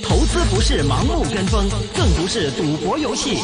投資不是盲目跟風，更不是賭博遊戲，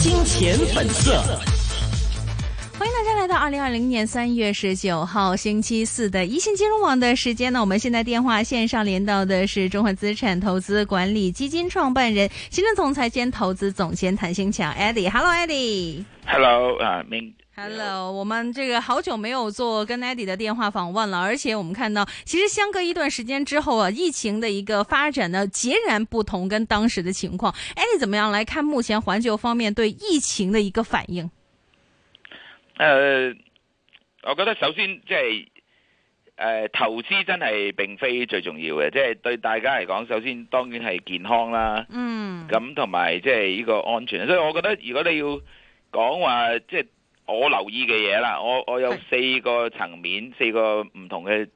金錢本色。Fold. 歡迎大家來到二零二零年三月十九號星期四的一線金融網的時間呢。我們現在電話線上連到的是中環資產投資管理基金創辦人、行政總裁兼投資總監譚新強，Eddie。Hello，Eddie。Hello，啊，明。Hello. hello，我們這個好久沒有做跟 Eddie 的電話訪問了，而且我們看到其實相隔一段時間之後啊，疫情的一個發展呢，截然不同，跟當時的情況，Eddie 怎麼樣來看目前環球方面對疫情的一個反應？呃，我覺得首先即係誒投資真係並非最重要嘅，即、就、係、是、對大家嚟講，首先當然係健康啦，嗯，咁同埋即係呢個安全，所以我覺得如果你要講話即係。就是我留意嘅嘢啦，我我有四個層面，四個唔同嘅，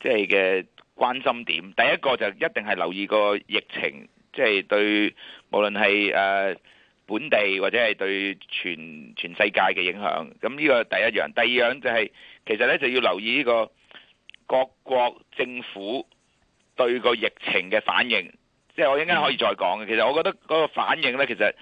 即係嘅關心點。第一個就一定係留意個疫情，即係對無論係誒本地或者係對全全世界嘅影響。咁呢個第一樣，第二樣就係其實咧就要留意呢個各國政府對個疫情嘅反應。即係我一陣間可以再講嘅。其實我覺得嗰個反應咧，其實。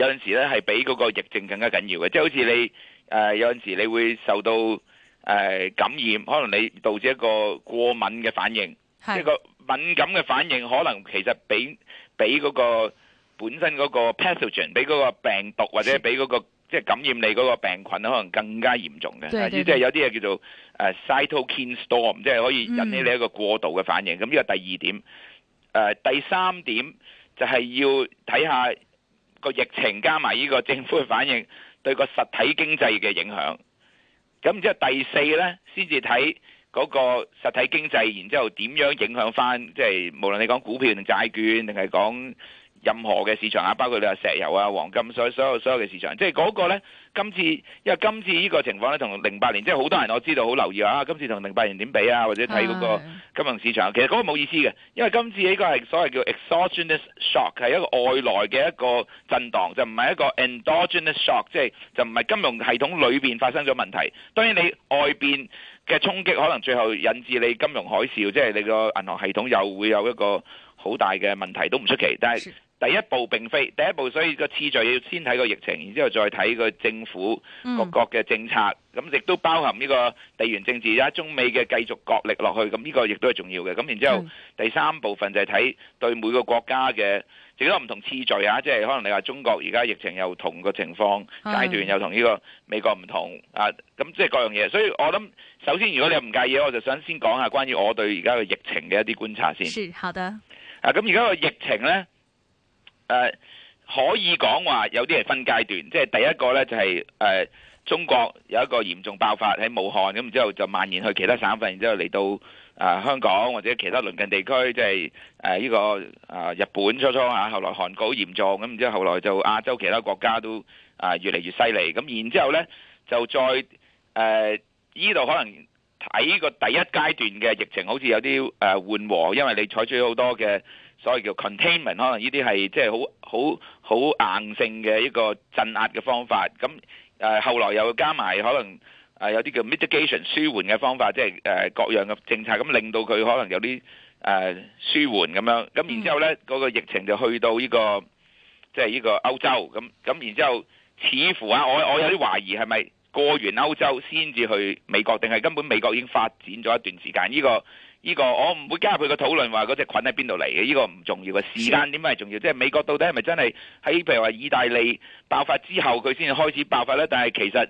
有陣時咧係比嗰個疫症更加緊要嘅，即係好似你誒、呃、有陣時你會受到誒、呃、感染，可能你導致一個過敏嘅反應，即一個敏感嘅反應，可能其實比比嗰個本身嗰個 pathogen，比嗰個病毒或者比嗰、嗰個，係，即係感染你嗰個病菌，可能更加嚴重嘅。係，即係有啲嘢叫做誒、呃、cytokine storm，即係可以引起你一個過度嘅反應。咁呢個第二點，誒、呃、第三點就係要睇下。個疫情加埋呢個政府嘅反應，對個實體經濟嘅影響。咁然之後第四呢，先至睇嗰個實體經濟，然之後點樣影響翻，即係無論你講股票定債券定係講。任何嘅市場啊，包括你話石油啊、黃金所所有所有嘅市場，即係嗰個呢。今次因為今次呢個情況呢，同零八年即係好多人我知道好留意啊。今次同零八年點比啊？或者睇嗰個金融市場，其實嗰個冇意思嘅。因為今次呢個係所謂叫 exogenous shock，係一個外來嘅一個震盪，就唔係一個 endogenous shock，即係就唔係金融系統裏邊發生咗問題。當然你外邊嘅衝擊可能最後引致你金融海嘯，即係你個銀行系統又會有一個。好大嘅問題都唔出奇，但係第一步並非第一步，所以個次序要先睇個疫情，然之後再睇個政府各國嘅政策，咁、嗯、亦都包含呢個地緣政治啊、中美嘅繼續角力落去，咁、這、呢個亦都係重要嘅。咁然之後第三部分就係睇對每個國家嘅好多唔同次序啊，即係可能你話中國而家疫情又同個情況階段又同呢個美國唔同啊，咁即係各樣嘢。所以我諗首先如果你唔介意，我就想先講下關於我對而家嘅疫情嘅一啲觀察先。是好的。啊！咁而家個疫情咧，誒、啊、可以講話有啲係分階段，即係第一個咧就係、是、誒、啊、中國有一個嚴重爆發喺武漢，咁之後就蔓延去其他省份，然之後嚟到啊香港或者其他鄰近地區，即係誒呢個啊日本初初啊，後來韓國好嚴重，咁然之後後來就亞洲其他國家都啊越嚟越犀利，咁然之後咧就再誒呢度可能。睇個第一階段嘅疫情好似有啲誒緩和，因為你採取好多嘅所謂叫 containment，可能呢啲係即係好好好硬性嘅一個鎮壓嘅方法。咁誒、呃、後來又加埋可能誒、呃、有啲叫 mitigation 舒緩嘅方法，即係誒各樣嘅政策，咁令到佢可能有啲誒、呃、舒緩咁樣。咁然之後咧，嗰、嗯這個疫情就去到呢、這個即係呢個歐洲。咁咁然之後，似乎啊，我我有啲懷疑係咪，是過完歐洲先至去美國，定係根本美國已經發展咗一段時間？呢個呢個我唔會加入佢個討論，話嗰隻菌喺邊度嚟嘅？呢個唔重要嘅，時間點解係重要。即係美國到底係咪真係喺譬如話意大利爆發之後佢先開始爆發呢？但係其實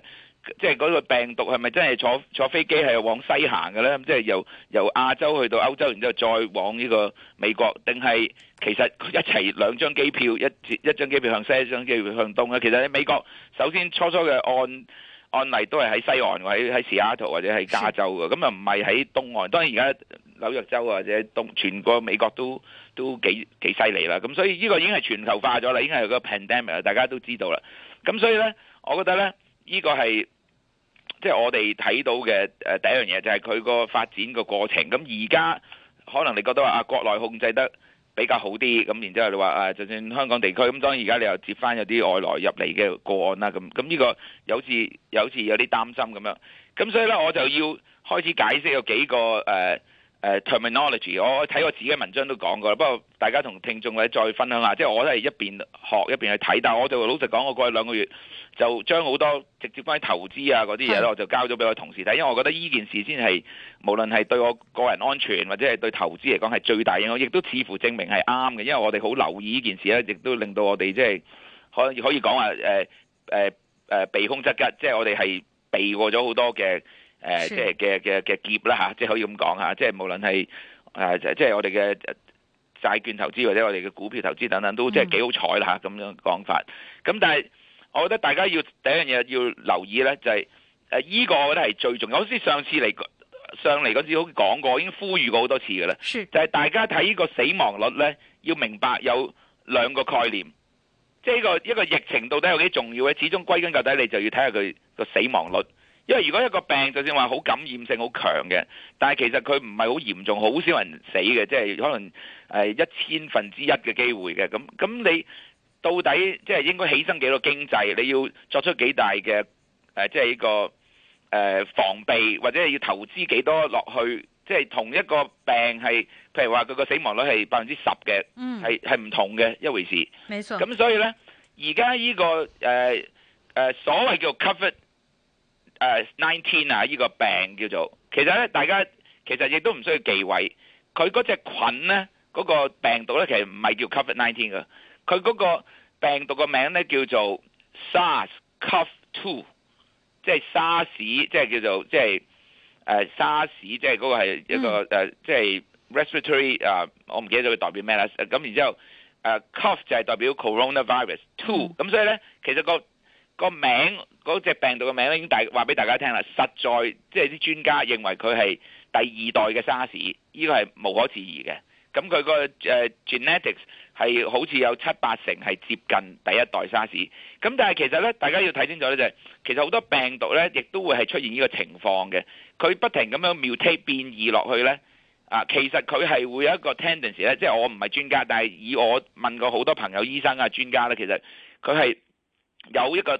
即係嗰個病毒係咪真係坐坐飛機係往西行嘅呢？咁即係由由亞洲去到歐洲，然之後再往呢個美國，定係其實一齊兩張機票，一一張機票向西，一張機票向東？其實喺美國首先初初嘅按。案例都係喺西岸，喺、喺西雅圖或者喺加州嘅，咁啊唔係喺東岸。當然而家紐約州或者東全個美國都都幾幾犀利啦。咁所以呢個已經係全球化咗啦，已經係個 pandemic 啦，大家都知道啦。咁所以咧，我覺得咧，呢個係即係我哋睇到嘅誒第一樣嘢，就係佢個發展個過程。咁而家可能你覺得話啊，國內控制得。比較好啲，咁然之後，你話誒，就算香港地區，咁當然而家你又接翻有啲外來入嚟嘅個案啦，咁咁呢個有好似有好似有啲擔心咁樣，咁所以咧我就要開始解釋有幾個誒。呃誒、uh, terminology，我睇我自己文章都講過啦。不過大家同聽眾咧再分享下，即係我都係一邊學一邊去睇。但係我就老實講，我過去兩個月就將好多直接關於投資啊嗰啲嘢咧，我就交咗俾我同事睇，因為我覺得呢件事先係無論係對我個人安全或者係對投資嚟講係最大影響，亦都似乎證明係啱嘅。因為我哋好留意呢件事咧，亦都令到我哋即係可可以講話誒避空則吉，即係我哋係避過咗好多嘅。誒，即係嘅嘅嘅劫啦嚇，即係可以咁講嚇，即係無論係誒，即係我哋嘅債券投資或者我哋嘅股票投資等等，都即係幾好彩啦嚇，咁樣講法。咁但係，我覺得大家要第一樣嘢要留意咧，就係誒依個我覺得係最重要。好似上次嚟上嚟嗰次，好似講過，已經呼籲過好多次㗎啦。就係、是、大家睇呢個死亡率咧，要明白有兩個概念，即係呢個一個疫情到底有幾重要咧，始終歸根究底，你就要睇下佢個死亡率。因為如果一個病，就算話好感染性好強嘅，但係其實佢唔係好嚴重，好少人死嘅，即係可能誒一千分之一嘅機會嘅。咁咁你到底即係、就是、應該犧牲幾多經濟？你要作出幾大嘅誒，即係呢個誒、呃、防備，或者係要投資幾多落去？即、就、係、是、同一個病係，譬如話佢個死亡率係百分之十嘅，係係唔同嘅一回事。咁所以呢，而家呢個誒誒、呃呃、所謂叫 cover。誒、uh，nineteen 啊，呢、這個病叫做。其實咧，大家其實亦都唔需要忌諱。佢嗰隻菌咧，嗰、那個病毒咧，其實唔係叫 Covid nineteen 嘅。佢嗰個病毒個名咧叫做 SARS CoV two，即係 SARS，即係叫做即係、呃、SARS，即係嗰個係一個誒、嗯呃，即係 respiratory、呃、啊，我唔記得咗佢代表咩啦。咁然之後誒 CoV 就係代表 coronavirus two。咁、呃嗯呃、所以咧，其實個名，那個名嗰隻病毒嘅名已經大話俾大家聽啦。實在即係啲專家認為佢係第二代嘅沙士，呢個係無可置疑嘅。咁佢個誒 genetics 係好似有七八成係接近第一代沙士。咁但係其實咧，大家要睇清楚咧、就係，就係其實好多病毒咧，亦都會係出現呢個情況嘅。佢不停咁樣 mutate 變異落去咧，啊，其實佢係會有一個 tendency 咧，即係我唔係專家，但係以我問過好多朋友、醫生啊、專家咧，其實佢係有一個。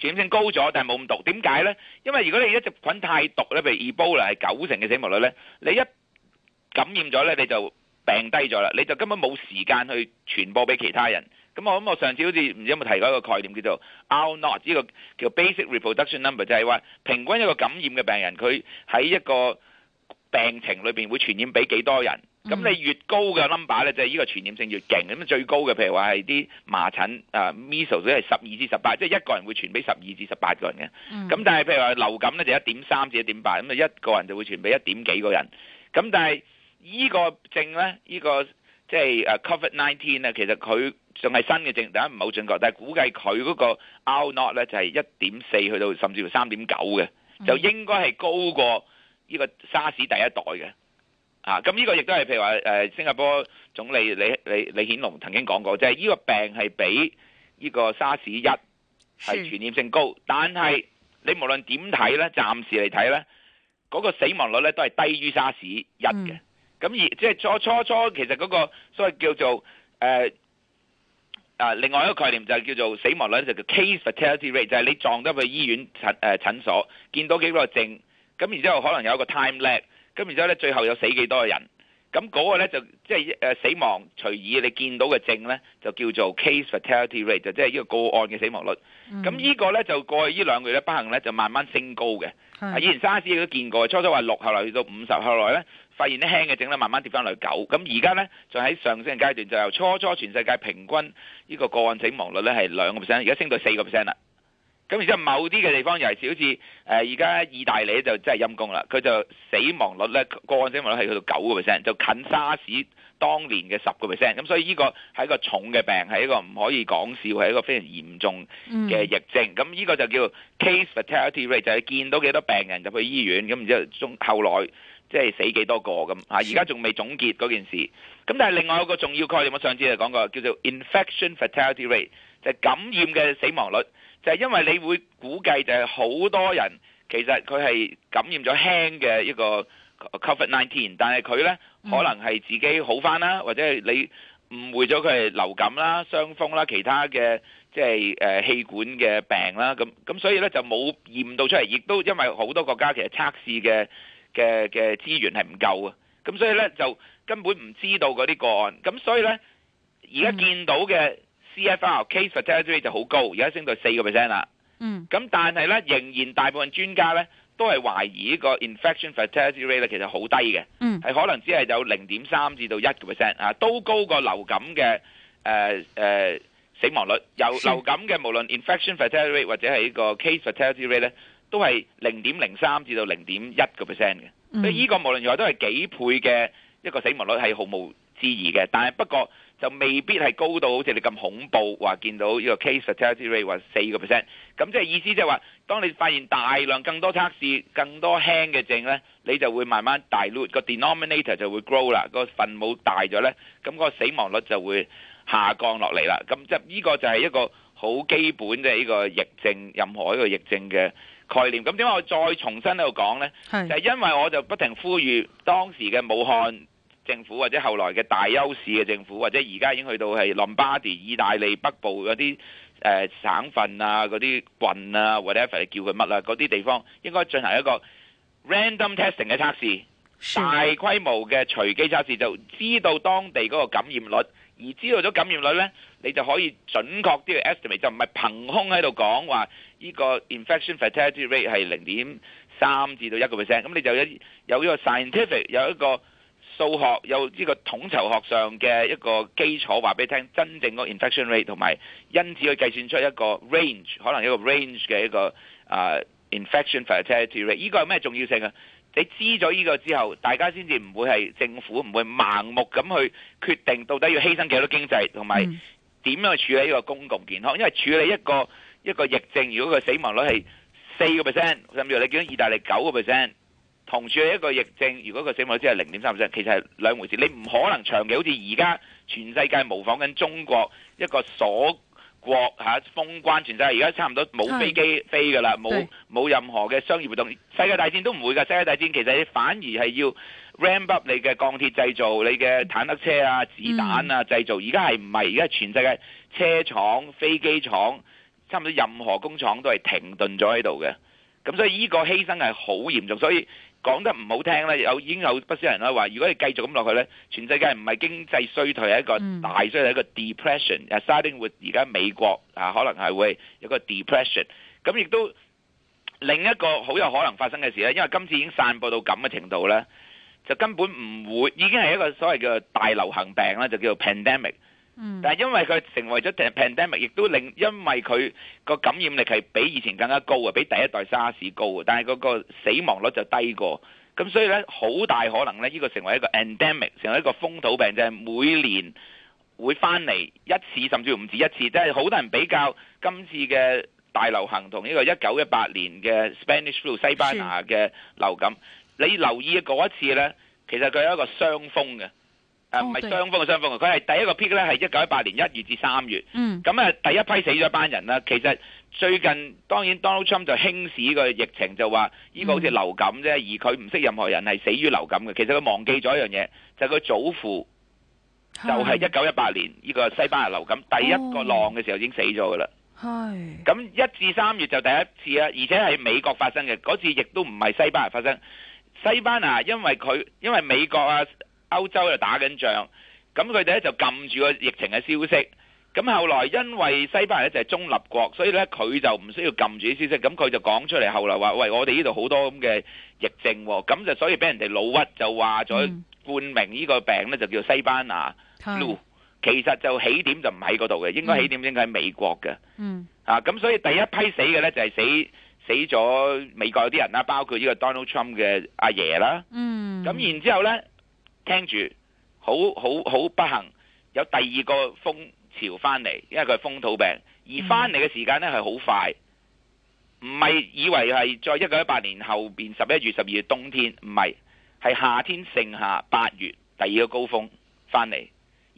傳染性高咗，但係冇咁毒，點解呢？因為如果你一隻菌太毒呢，譬如 Ebola 係九成嘅死亡率呢，你一感染咗呢，你就病低咗啦，你就根本冇時間去傳播俾其他人。咁我諗我上次好似唔知有冇提過一個概念叫做 R0，呢個叫 basic reproduction number，就係話平均一個感染嘅病人佢喺一個病情裏邊會傳染俾幾多人？咁、嗯、你越高嘅 number 咧，就係、是、呢個傳染性越勁。咁最高嘅，譬如話係啲麻疹啊 measles 係十二至十八，即係一個人會傳俾十二至十八個人嘅。咁、嗯、但係譬如話流感咧就一點三至一點八，咁啊一個人就會傳俾一點幾個人。咁但係依個症咧，這個、呢個即係啊 Covid nineteen 咧，其實佢仲係新嘅症，大家唔係好準確，但係估計佢嗰個 R not 咧就係一點四去到甚至乎三點九嘅，就應該係高過呢個沙士第一代嘅。啊，咁呢個亦都係，譬如話，誒、呃，新加坡總理李李李顯龍曾經講過，即係呢個病係比呢個沙士一係傳染性高，是但係你無論點睇咧，暫時嚟睇咧，嗰個死亡率咧都係低於沙士一嘅。咁、嗯、而即係、就是、初，初初初，其實嗰個所謂叫做誒啊、呃呃、另外一個概念就係叫做死亡率就叫 case fatality rate，就係你撞得去醫院診誒診所，見到幾個症，咁然之後可能有一個 time lag。咁然之後咧，最後有死幾多人？咁嗰個咧就即係誒死亡隨意你見到嘅症咧，就叫做 case fatality rate，就即係依個個案嘅死亡率。咁依個咧就過去依兩個月咧，不幸咧就慢慢升高嘅。啊，以前沙士亦都見過，初初話六，後來去到五十，後來咧發現啲輕嘅症咧慢慢跌翻落去九。咁而家咧就喺上升嘅階段，就由初初全世界平均依個個案死亡率咧係兩個 percent，而家升到四個 percent 啦。咁然之後，某啲嘅地方尤其是好似而家意大利就真係陰公啦，佢就死亡率咧，個案死亡率係去到九個 percent，就近沙士當年嘅十個 percent。咁所以呢個係一個重嘅病，係一個唔可以講笑，係一個非常嚴重嘅疫症。咁、嗯、呢個就叫 case fatality rate，就係見到幾多病人入去醫院，咁然之後後後來即係死幾多個，咁而家仲未總結嗰件事。咁但係另外一個重要概念，我上次就講過叫做 infection fatality rate，就係感染嘅死亡率。就係因為你會估計，就係好多人其實佢係感染咗輕嘅一個 COVID-19，但係佢呢可能係自己好返啦，或者係你誤會咗佢係流感啦、傷風啦、其他嘅即係誒氣管嘅病啦，咁咁所以呢就冇驗到出嚟，亦都因為好多國家其實測試嘅嘅嘅資源係唔夠啊，咁所以呢就根本唔知道嗰啲個案，咁所以呢而家見到嘅，CFR case fatality rate 就好高，而家升到四個 percent 啦。嗯，咁但係咧，仍然大部分專家咧都係懷疑呢個 infection fatality rate 咧其實好低嘅。嗯，係可能只係有零點三至到一個 percent 啊，都高過流感嘅誒誒死亡率。由流感嘅無論 infection fatality rate 或者係呢個 case fatality rate 咧，都係零點零三至到零點一個 percent 嘅。嗯，所以依個無論如何都係幾倍嘅一個死亡率係毫無質疑嘅。但係不過。就未必係高到好似你咁恐怖，話見到呢個 case fatality rate 或四個 percent，咁即係意思即係話，當你發現大量更多測試、更多輕嘅症咧，你就會慢慢 dilute 個 denominator 就會 grow 啦，那個分母大咗咧，咁、那個死亡率就會下降落嚟啦。咁即係呢個就係一個好基本嘅呢個疫症，任何一個疫症嘅概念。咁點解我再重新喺度講咧？就係、是、因為我就不停呼籲當時嘅武漢政府或者後來嘅大邱市嘅政府，或者而家已經去到係 Lombardy、意大利北部嗰啲誒省份啊、嗰啲郡啊，whatever 你叫佢乜啦，嗰啲地方應該進行一個 random testing 嘅測試，大規模嘅隨機測試，就知道當地嗰個感染率。而知道咗感染率呢，你就可以準確啲去 estimate，就唔係憑空喺度講話呢個 infection fatality rate 係零點三至到一個 percent。咁你就有有一個 scientific，有一個。數學有呢個統籌學上嘅一個基礎，話俾你聽，真正嗰 infection rate 同埋因此去計算出一個 range，可能一個 range 嘅一個、uh, infection fatality rate，呢個有咩重要性啊？你知咗呢個之後，大家先至唔會係政府唔會盲目咁去決定到底要犧牲幾多經濟，同埋點樣去處理呢個公共健康。因為處理一個一個疫症，如果個死亡率係四個 percent，甚至你見到意大利九個 percent。同住一個疫症，如果個死亡率只係零點三 percent，其實係兩回事。你唔可能長期好似而家全世界模仿緊中國一個鎖國、啊、封關全世界，而家差唔多冇飛機飛㗎啦，冇冇任何嘅商業活動。世界大戰都唔會㗎，世界大戰其實你反而係要 ram up 你嘅鋼鐵製造、你嘅坦克車啊、子彈啊製造。而家係唔係？而家全世界車廠、飛機廠，差唔多任何工廠都係停頓咗喺度嘅。咁所以呢個犧牲係好嚴重，所以。講得唔好聽咧，有已經有不少人啦話，如果你繼續咁落去咧，全世界唔係經濟衰退，係一個大衰退，一個 depression，starting with 而家美國啊，可能係會有個 depression，咁亦都另一個好有可能發生嘅事咧，因為今次已經散播到咁嘅程度咧，就根本唔會，已經係一個所謂嘅大流行病啦，就叫做 pandemic。但係因為佢成為咗 pandemic，亦都令因為佢個感染力係比以前更加高啊，比第一代沙士高啊，但係嗰個死亡率就低過。咁所以咧，好大可能咧，呢個成為一個 endemic，成為一個風土病，即係每年會翻嚟一次，甚至乎唔止一次。即係好多人比較今次嘅大流行同呢個一九一八年嘅 Spanish flu 西班牙嘅流感，你留意嗰一次咧，其實佢有一個雙峰嘅。誒唔係雙峰嘅雙峰啊！佢、哦、係第一個 peak 咧，係一九一八年一月至三月。嗯。咁啊，第一批死咗一班人啦。其實最近當然 Donald Trump 就輕視呢個疫情，就話呢個好似流感啫、嗯。而佢唔識任何人係死於流感嘅。其實佢忘記咗一樣嘢，就佢、是、祖父就係一九一八年呢、呢個西班牙流感第一個浪嘅時候已經死咗嘅啦。係、哦。咁一至三月就第一次啊！而且係美國發生嘅嗰次，亦都唔係西班牙發生。西班牙因為佢因為美國啊。歐洲就打緊仗，咁佢哋咧就撳住個疫情嘅消息。咁後來因為西班牙咧就係中立國，所以咧佢就唔需要撳住啲消息。咁佢就講出嚟，後來話：喂，我哋呢度好多咁嘅疫症，咁就所以俾人哋老屈，就話咗冠名呢個病咧就叫西班牙路。其實就起點就唔喺嗰度嘅，應該起點應該喺美國嘅。嗯。啊，咁所以第一批死嘅咧就係死死咗美國有啲人啦，包括呢個 Donald Trump 嘅阿爺啦。嗯。咁然之後咧。聽住，好好好不幸，有第二個風潮翻嚟，因為佢係風土病，而翻嚟嘅時間呢係好快，唔係以為係在一九一八年後面十一月、十二月冬天，唔係，係夏天盛夏、八月第二個高峰翻嚟，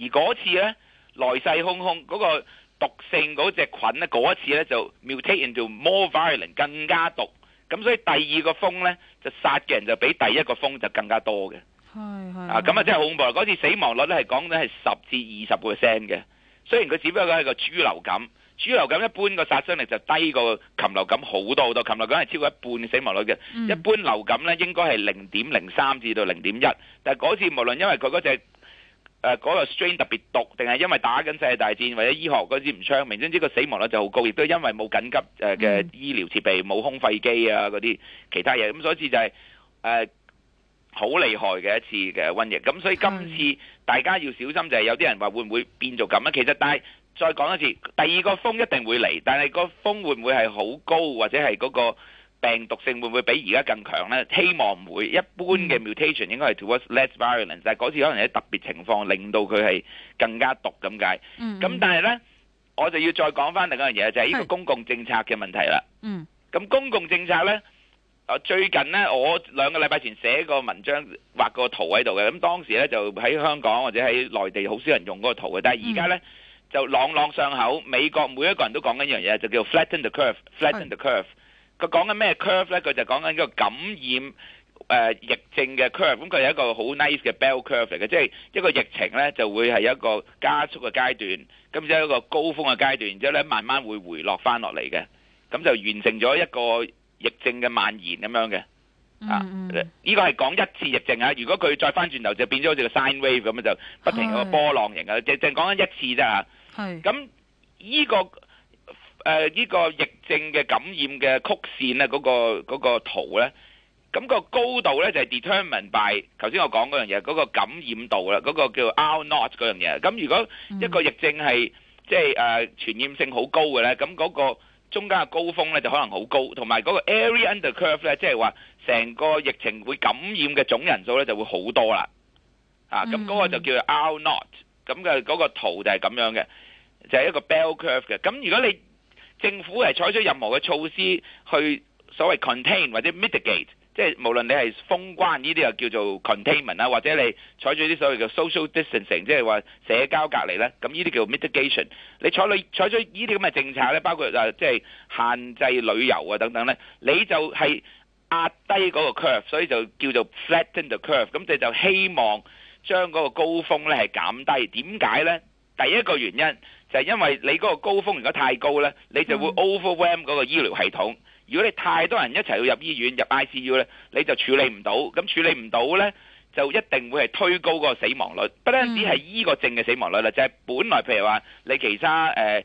而嗰次呢，來勢洶洶，嗰、嗰個毒性嗰隻菌呢，嗰次呢，就 mutate into more virulent 更加毒，咁所以第二個風呢，就殺嘅人就比第一個風就更加多嘅。係啊咁啊真係好恐怖！嗰次死亡率咧係講緊係十至二十個 percent 嘅。雖然佢只不過係個豬流感，豬流感一般個殺傷力就低過禽流感好多好多。禽流感係超過一半死亡率嘅。嗯、一般流感咧應該係零點零三至到零點一。但係嗰次無論因為佢嗰隻誒嗰個 strain 特別毒，定係因為打緊世界大戰，或者醫學嗰啲唔昌明，總之個死亡率就好高。亦都因為冇緊急誒嘅醫療設備，冇、嗯、空肺機啊嗰啲其他嘢。咁所以就係、是、誒。呃好厲害嘅一次嘅瘟疫，咁所以今次大家要小心就係有啲人話會唔會變做咁啊？其實但係再講一次，第二個風一定會嚟，但係個風會唔會係好高或者係嗰個病毒性會唔會比而家更強呢？希望唔會，一般嘅 mutation 應該係 towards less virulent，但係嗰次可能係特別情況令到佢係更加毒咁解。咁但係呢，我就要再講返另一樣嘢，就係呢個公共政策嘅問題啦。嗯，咁公共政策呢。最近呢，我兩個禮拜前寫個文章，畫個圖喺度嘅。咁當時呢就喺香港或者喺內地好少人用嗰個圖嘅。但係而家呢就朗朗上口，美國每一個人都講緊一樣嘢，就叫 flatten the curve，flatten the curve。佢講緊咩 curve 呢？佢就講緊一個感染誒疫症嘅 curve。咁佢係一個好 nice 嘅 bell curve 嚟嘅，即係一個疫情呢就會係一個加速嘅階段，咁之後一個高峰嘅階段，然之後呢慢慢會回落翻落嚟嘅。咁就完成咗一個。疫症嘅蔓延咁樣嘅，啊，依個係講一次疫症啊！如果佢再翻轉頭，就變咗好似個 sine wave 咁樣，就不停有個波浪型啊！即係講緊一次啫嚇。係。咁依個誒依個疫症嘅感染嘅曲線咧，嗰個嗰個圖咧，咁個高度咧就係 determined by 頭先我講嗰樣嘢，嗰個感染度啦，嗰個叫 R0 嗰樣嘢。咁如果一個疫症係即係誒傳染性好高嘅咧，咁嗰個中間嘅高峰咧就可能好高，同埋嗰個 area under curve 咧，即係話成個疫情會感染嘅總人數咧就會好多啦，啊，咁嗰個就叫做 R naught，咁嘅嗰個圖就係咁樣嘅，就係一個 bell curve 嘅。咁如果你政府係採取任何嘅措施去所謂 contain 或者 mitigate。即係無論你係封關，依啲又叫做 containment 啦，或者你採取啲所謂叫 social distancing，即係話社交隔離咧，咁依啲叫 mitigation。你採你採取依啲咁嘅政策咧，包括啊即係限制旅遊啊等等咧，你就係壓低嗰個 curve，所以就叫做 flatten the curve。咁你就希望將嗰個高峰咧係減低。點解咧？第一個原因就係因為你嗰個高峰如果太高咧，你就會 overwhelm 嗰個醫療系統。如果你太多人一齊要入醫院入 ICU 咧，你就處理唔到，咁處理唔到咧，就一定會係推高個死亡率，不單止係依個症嘅死亡率啦，就係、是、本來譬如話你其他、呃、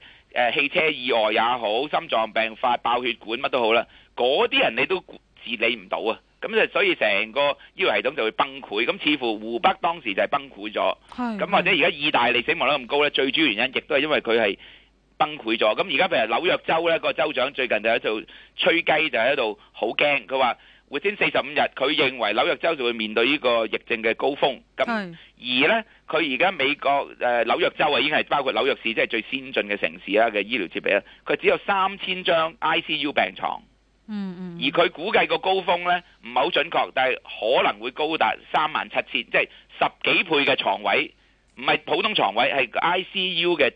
汽車意外也好，心臟病發爆血管乜都好啦，嗰啲人你都治理唔到啊，咁就所以成個醫療系統就會崩潰，咁似乎湖北當時就係崩潰咗，咁或者而家意大利死亡率咁高咧，最主要原因亦都係因為佢係。崩潰咗，咁而家譬如紐約州咧，個州長最近就喺度吹雞就一，就喺度好驚。佢話活先四十五日，佢認為紐約州就會面對呢個疫症嘅高峰。咁而呢，佢而家美國誒、呃、紐約州啊，已經係包括紐約市，即係最先進嘅城市啦嘅醫療設備，佢只有三千張 ICU 病床，嗯嗯。而佢估計個高峰呢唔係好準確，但係可能會高達三萬七千，即係十幾倍嘅床位，唔係普通床位，係 ICU 嘅。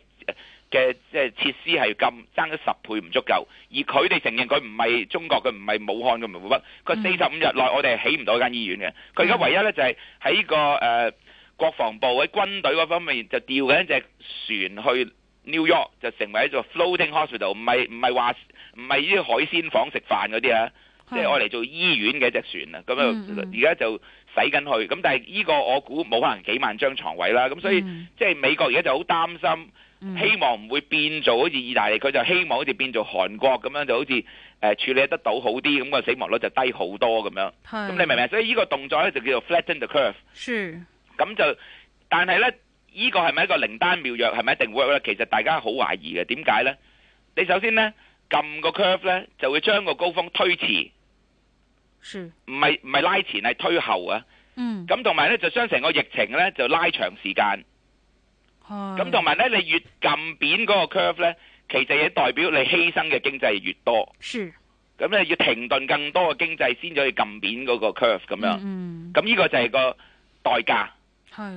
嘅即係設施係咁爭咗十倍唔足夠，而佢哋承認佢唔係中國，佢唔係武漢嘅湖北。佢四十五日內我哋係起唔到一間醫院嘅。佢而家唯一咧就係喺、呢個誒、呃、國防部喺軍隊嗰方面就調緊隻船去 New York，就成為一座 floating hospital，唔係唔係話唔係啲海鮮房食飯嗰啲啊，即係我嚟做醫院嘅隻船啊。咁啊，而家就使緊、嗯嗯、去，咁但係呢個我估冇可能幾萬張床位啦。咁所以、嗯、即係美國而家就好擔心。希望唔會變做好似意大利，佢就希望好似變做韓國咁樣，就好似誒、呃、處理得到好啲，咁個死亡率就低好多咁樣。咁你明唔明？所以呢個動作咧就叫做 flatten the curve。是。咁就，但係呢，呢、呢個係咪一個靈丹妙藥？係咪一定 work 呢？其實大家好懷疑嘅。點解呢？你首先呢，撳個 curve 呢，就會將個高峰推遲。是。唔係唔係拉前係推後啊。嗯。咁同埋呢，就將成個疫情呢，就拉長時間。咁同埋咧，你越撳扁嗰個 curve 咧，其實也代表你犧牲嘅經濟越多。咁咧，你要停頓更多嘅經濟先至可以撳扁嗰個 curve 咁樣。咁、嗯、呢個就係個代價，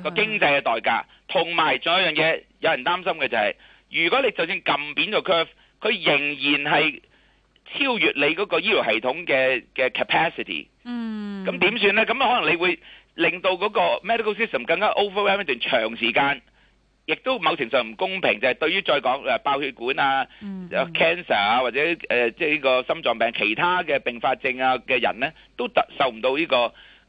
個經濟嘅代價。同埋仲有一樣嘢，有人擔心嘅就係、是，如果你就算撳扁咗 curve，佢仍然係超越你嗰個醫療系統嘅嘅 capacity。嗯，咁點算呢？咁可能你會令到嗰個 medical system 更加 overwhelm 一段長時間。亦都某程度上唔公平，就係對於再講誒爆血管啊，有 cancer 啊，或者誒即係呢個心臟病其他嘅併發症啊嘅人咧，都得受唔到呢個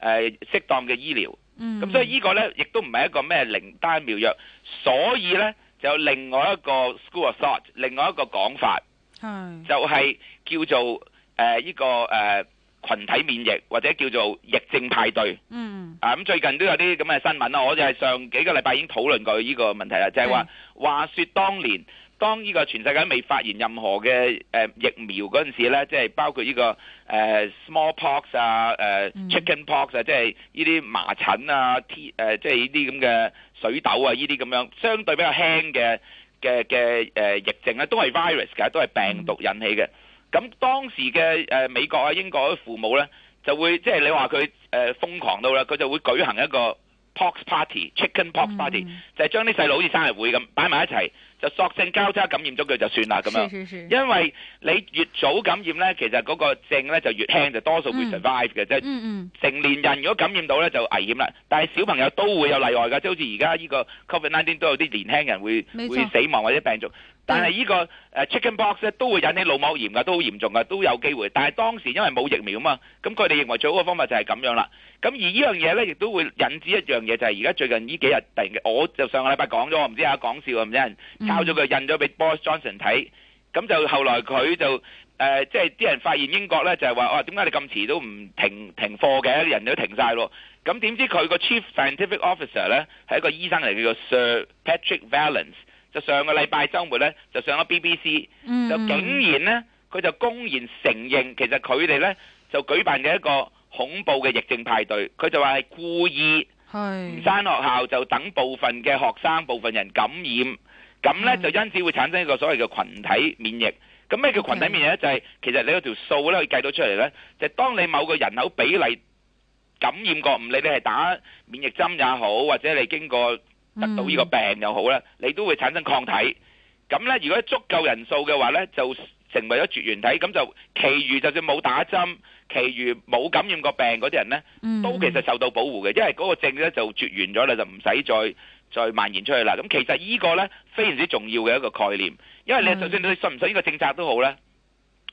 誒適當嘅醫療。嗯，咁所以呢個咧，亦都唔係一個咩靈丹妙藥。所以咧，就有另外一個 school of thought，另外一個講法，係就係叫做誒呢個誒。群體免疫或者叫做疫症派對，嗯、啊咁最近都有啲咁嘅新聞啦。我就係上幾個禮拜已經討論過呢個問題啦，就係、是、話話説當年當呢個全世界未發現任何嘅誒、呃、疫苗嗰陣時咧，即、就、係、是、包括呢、這個誒、呃、Smallpox 啊、誒、呃、Chickenpox 啊，即係呢啲麻疹啊、天誒即係呢啲咁嘅水痘啊，呢啲咁樣相對比較輕嘅嘅嘅誒疫症咧，都係 virus 嘅，都係病毒引起嘅。嗯。咁當時嘅誒美國啊英國嗰啲父母咧，就會即係你話佢誒瘋狂到啦，佢就會舉行一個 pox party chicken pox party，就係將啲細佬好似生日會咁擺埋一齊，就索性交叉感染咗佢就算啦咁樣。因為你越早感染咧，其實嗰個症咧就越輕，就多數會 survive 嘅。即係成年人如果感染到咧就危險啦，但係小朋友都會有例外㗎，即係好似而家呢個 COVID-19 都有啲年輕人會會死亡或者病重。但係呢個 chicken box 咧都會引起腦膜炎㗎，都好嚴重㗎，都有機會。但係當時因為冇疫苗嘛，咁佢哋認為最好嘅方法就係咁樣啦。咁而呢樣嘢咧，亦都會引致一樣嘢，就係而家最近呢幾日突然，我就上個禮拜講咗，我唔知啊講笑啊唔知有人抄咗佢印咗俾 Boris Johnson 睇，咁就後來佢就誒即係啲人發現英國咧就係話哦點解你咁遲都唔停停課嘅？人都停晒咯。咁點知佢個 Chief Scientific Officer 咧係一個醫生嚟，叫做 Sir Patrick Vallance。就上個禮拜週末咧，就上咗 BBC，Mm. 就竟然咧，佢就公然承認，其實佢哋咧就舉辦嘅一個恐怖嘅疫症派對，佢就話係故意唔關學校，就等部分嘅學生、部分人感染，咁咧就因此會產生一個所謂嘅群體免疫。咁咩叫群體免疫咧？Okay. 就係其實你嗰條數咧，可以計到出嚟咧，就係當你某個人口比例感染過，唔理你係打免疫針也好，或者你經過，得到依個病又好啦，你都會產生抗體。咁咧，如果足夠人數嘅話咧，就成為咗絕緣體。咁就，其餘就算冇打針，其餘冇感染過病嗰啲人咧，都其實受到保護嘅，因為嗰個症咧就絕緣咗啦，就唔使再再蔓延出去啦。咁其實依個咧非常之重要嘅一個概念，因為你就算你信唔信依個政策都好啦，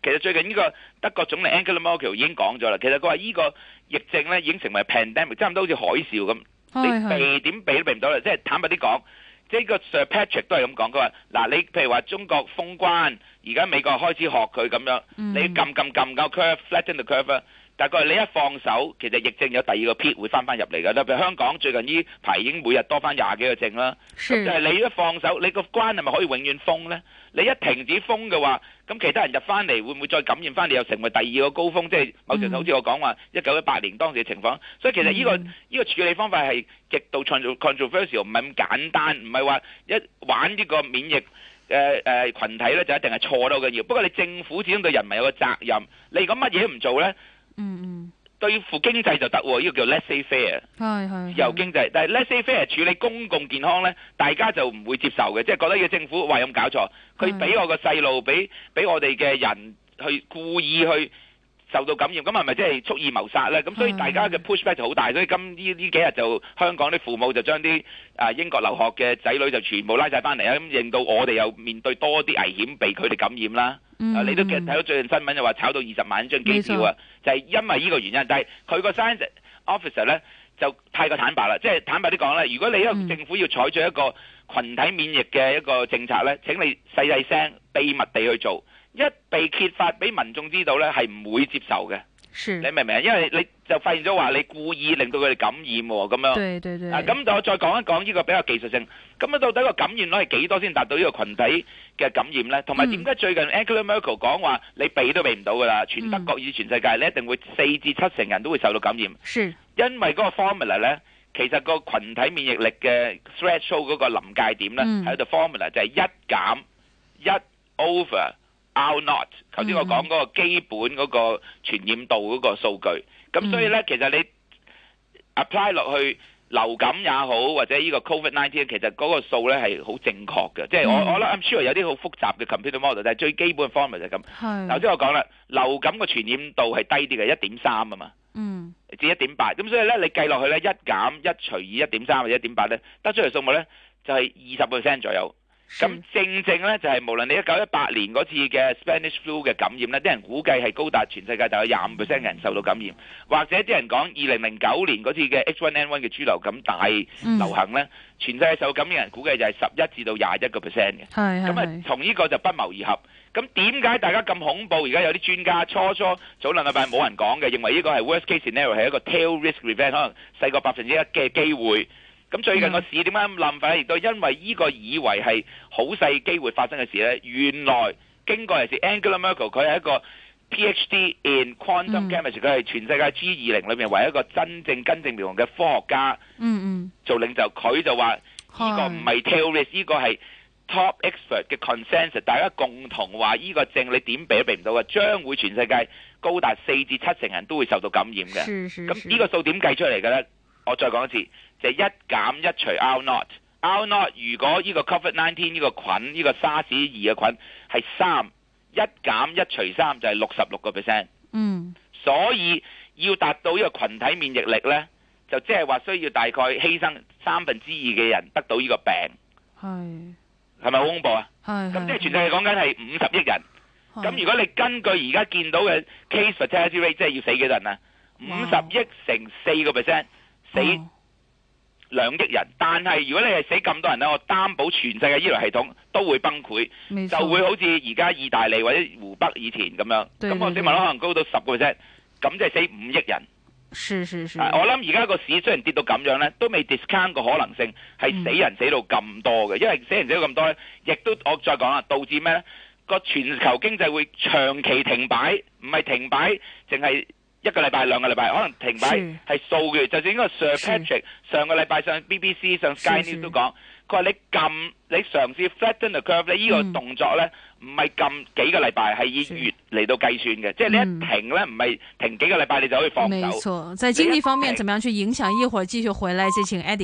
其實最近依個德國總理 Angela Merkel 已經講咗啦，其實佢話依個疫症咧已經成為 pandemic，差唔多好似海嘯咁。你避點避都避唔到啦！即係坦白啲講，即係 Sir Patrick 都係咁講，佢話，嗱，你譬如話中國封關，而家美國開始學佢咁樣，你撳撳撳夠 curve flatten the curve。大概你一放手，其實疫症有第二個 pit 會翻翻入嚟嘅。特別香港最近呢排已經每日多翻廿幾個症啦。咁就係你一放手，你個關係咪可以永遠封咧？你一停止封嘅話，咁其他人就翻嚟會唔會再感染翻嚟，又成為第二個高峰。即係某程度好似我講話，一九一八年當時嘅情況。所以其實呢個呢個處理方法係極度 controversial，唔係咁簡單，唔係話一玩呢個免疫誒誒羣體咧就一定係錯咯要。不過你政府始終對人民有個責任。你如果乜嘢都唔做咧？嗯嗯，對付經濟就得喎，呢個叫 laissez-faire，自由經濟。但係 laissez-faire 處理公共健康咧，大家就唔會接受嘅，即係覺得呢個政府話有冇搞錯？佢俾我個細路，俾俾我哋嘅人去故意去受到感染，咁係咪即係蓄意謀殺咧？咁所以大家嘅 pushback 就好大，所以今呢呢幾日就香港啲父母就將啲啊英國留學嘅仔女就全部拉晒返嚟啦，咁令到我哋又面對多啲危險，俾佢哋感染啦。啊！你都其實睇到最近新聞就話炒到二十萬張機票啊、嗯嗯，就係、是、因為呢個原因。但係佢個 science officer 咧就太過坦白啦，即、就、係、是、坦白啲講咧，如果你一個政府要採取一個群體免疫嘅一個政策咧，請你細細聲、秘密地去做，一被揭發俾民眾知道咧，係唔會接受嘅。是你明唔明啊？因為你就發現咗話你故意令到佢哋感染咁、哦、樣。對對對。啊，咁就我再講一講呢個比較技術性。咁啊，到底個感染率係幾多先達到呢個群體嘅感染咧？同埋點解最近 Angela Merkel 講話你避都避唔到噶啦？全德國以全世界、嗯，你一定會四至七成人都會受到感染。是。因為嗰個 formula 咧，其實個群體免疫力嘅 threshold 嗰個臨界點咧，喺、嗯、度 formula 就係一減一 over。Out not，頭先我講嗰個基本嗰個傳染度嗰個數據，咁、mm. 所以咧，其實你 apply 落去流感也好，或者呢個 Covid nineteen，其實嗰個數咧係好正確嘅，即、mm. 係我我 I'm sure 有啲好複雜嘅 computer model，但係最基本嘅 formula 就係咁。頭先我講啦，流感嘅傳染度係低啲嘅，一點三啊嘛，mm. 至一點八，咁所以咧你計落去咧一減一除以一點三或者一點八咧，得出嚟數目咧就係二十個 percent 左右。咁正正咧，就係無論你一九一八年嗰次嘅 Spanish flu 嘅感染咧，啲人估計係高達全世界大概廿五 percent 嘅人受到感染，或者啲人講二零零九年嗰次嘅 H1N1 嘅豬流感大流行咧，全世界受感染人估計就係十一至到廿一個 percent 嘅，咁啊同依個就不謀而合。咁點解大家咁恐怖？而家有啲專家初初早兩禮拜冇人講嘅，認為依個係 worst case scenario，係一個 tail risk event，可能細過百分之一嘅機會。咁最近個市點解咁冧廢？亦都因為呢個以為係好細機會發生嘅事咧。原來經過係次 Angela Merkel，佢係一個 PhD in quantum chemistry，佢係全世界 G20 裏面唯一一個真正根正苗紅嘅科學家。嗯嗯，做領袖佢就話：呢個唔係 tell us 呢個係 top expert 嘅 consensus，大家共同話呢個症你點比都避唔到嘅，將會全世界高達四至七成人都會受到感染嘅。係係係。咁呢個數點計出嚟嘅咧？我再講一次。就是、一減一除 out not out not，如果呢個 COVID-19 依個菌呢、呢個 SARS 二嘅菌係三，一減一除三就係六十六個 percent。嗯，所以要達到呢個群體免疫力咧，就即係話需要大概犧牲三分之二嘅人得到呢個病。係係咪好恐怖啊？係。咁即係全世界講緊係五十億人。咁如果你根據而家見到嘅 case fatality rate，即係要死幾多人啊？五十億乘四個 percent 死。兩億人，但係如果你係死咁多人咧，我擔保全世界醫療系統都會崩潰，就會好似而家意大利或者湖北以前咁樣。咁我死亡率可能高到十個啫，e 咁即係死五億人。是，是，是，我諗而家個市雖然跌到咁樣呢，都未 discount 個可能性係死人死到咁多嘅，嗯，因為死人死到咁多呢，亦都我再講啦，導致咩咧？個全球經濟會長期停擺，唔係停擺，淨係。一個禮拜、兩個禮拜，可能停擺係數月。就算應該 Sir Patrick 上個禮拜上 BBC 上 Sky News 都講，佢話你撳你嘗試 flatten the curve 咧，呢個動作咧唔係撳幾個禮拜，係以月嚟到計算嘅。即係你一停咧，唔係停幾個禮拜，你就可以放手。冇錯，在經濟方面，怎麼樣去影響，一會繼續回來再請 Eddie。